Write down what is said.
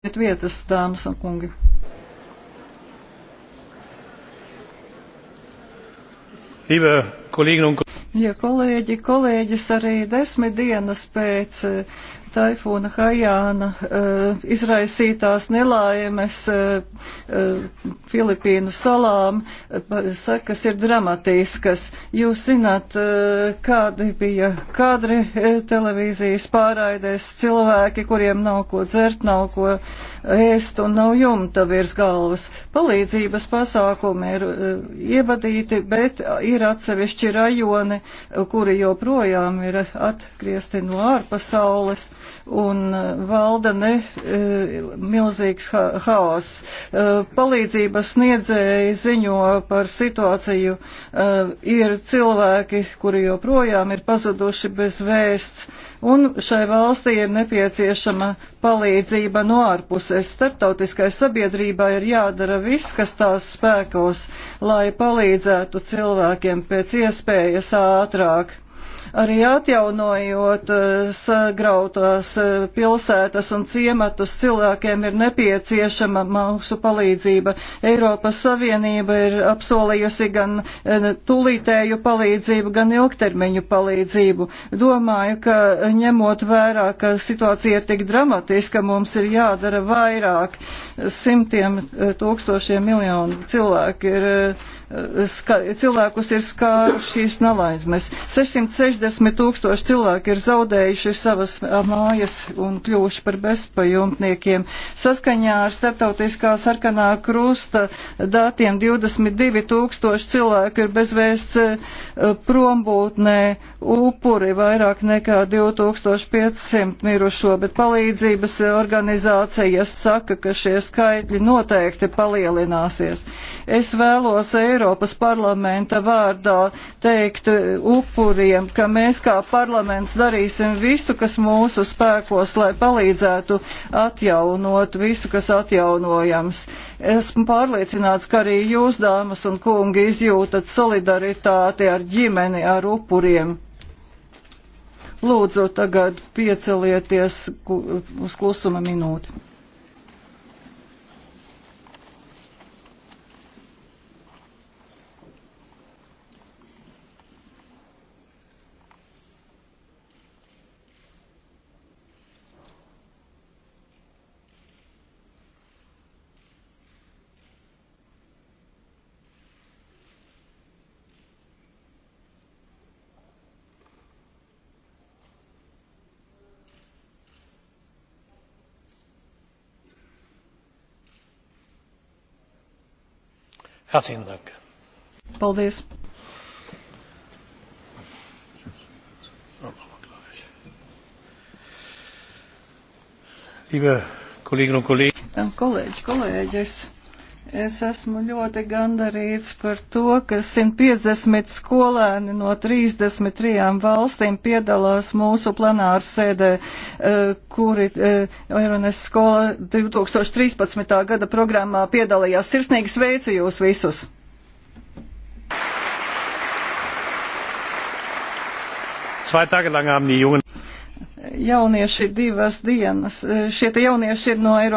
Iet vietas, dāmas un kungi. Ja kolēģi, kolēģis arī desmit dienas pēc taifūna Haijāna uh, eh, izraisītās nelaimes uh, uh, Filipīnu salām uh, sekas ir dramatiskas. Jūs zināt, uh, kādi bija kadri uh, televīzijas pārraidēs cilvēki, kuriem nav ko dzert, nav ko ēst un nav jumta virs galvas. Palīdzības pasākumi ir uh, iebadīti, bet ir atsevišķi rajoni, uh, kuri joprojām ir atgriezti no ārpasaules un eh, valda ne eh, milzīgs haoss. Eh, Palīdzības sniedzēji ziņo par situāciju. Ir cilvēki, kuri joprojām ir pazuduši bez vēsts, un šai valstī ir nepieciešama palīdzība no ārpuses. Starptautiskai sabiedrībai ir jādara viss, kas tās spēkos, lai palīdzētu cilvēkiem pēc iespējas ātrāk. Arī atjaunojot eh, sagrautās eh, pilsētas un ciematus, cilvēkiem ir nepieciešama mūsu palīdzība. Eiropas Savienība ir apsolījusi gan eh, tūlītēju palīdzību, gan ilgtermiņu palīdzību. Domāju, ka ņemot vērā, ka situācija ir tik dramatiska, mums ir jādara vairāk. Simtiem tūkstošiem miljonu cilvēku ir ska, cilvēkus ir skāruši šīs nalaizmes. 660 tūkstoši cilvēki ir zaudējuši savas mājas un kļuvuši par bezpajumtniekiem. Saskaņā ar starptautiskā sarkanā krusta datiem 22 tūkstoši cilvēki ir bezvēsts prombūtnē, upuri vairāk nekā 2500 mirušo, bet palīdzības organizācijas saka, ka šie skaitļi noteikti palielināsies. Es vēlos Eiropu Eiropas parlamenta vārdā teikt upuriem, ka mēs kā parlaments darīsim visu, kas mūsu spēkos, lai palīdzētu atjaunot visu, kas atjaunojams. Esmu pārliecināts, ka arī jūs, dāmas un kungi, izjūtat solidaritāti ar ģimeni, ar upuriem. Lūdzu, tagad piecelieties uz klusuma minūti. Herzlichen Dank. Paldies. Liebe Kolleginnen und Kollegen. Kolēģi, kolēģis. Es esmu ļoti gandarīts par to, ka 150 skolēni no 33 valstīm piedalās mūsu plenāru sēdē, eh, kuri Eironas eh, skola 2013. gada programmā piedalījās. Sirsnīgi sveicu jūs visus! Zwei Tage lang haben die Jungen jaunieši divas dienas. Eh, šie jaunieši ir no Eiropas.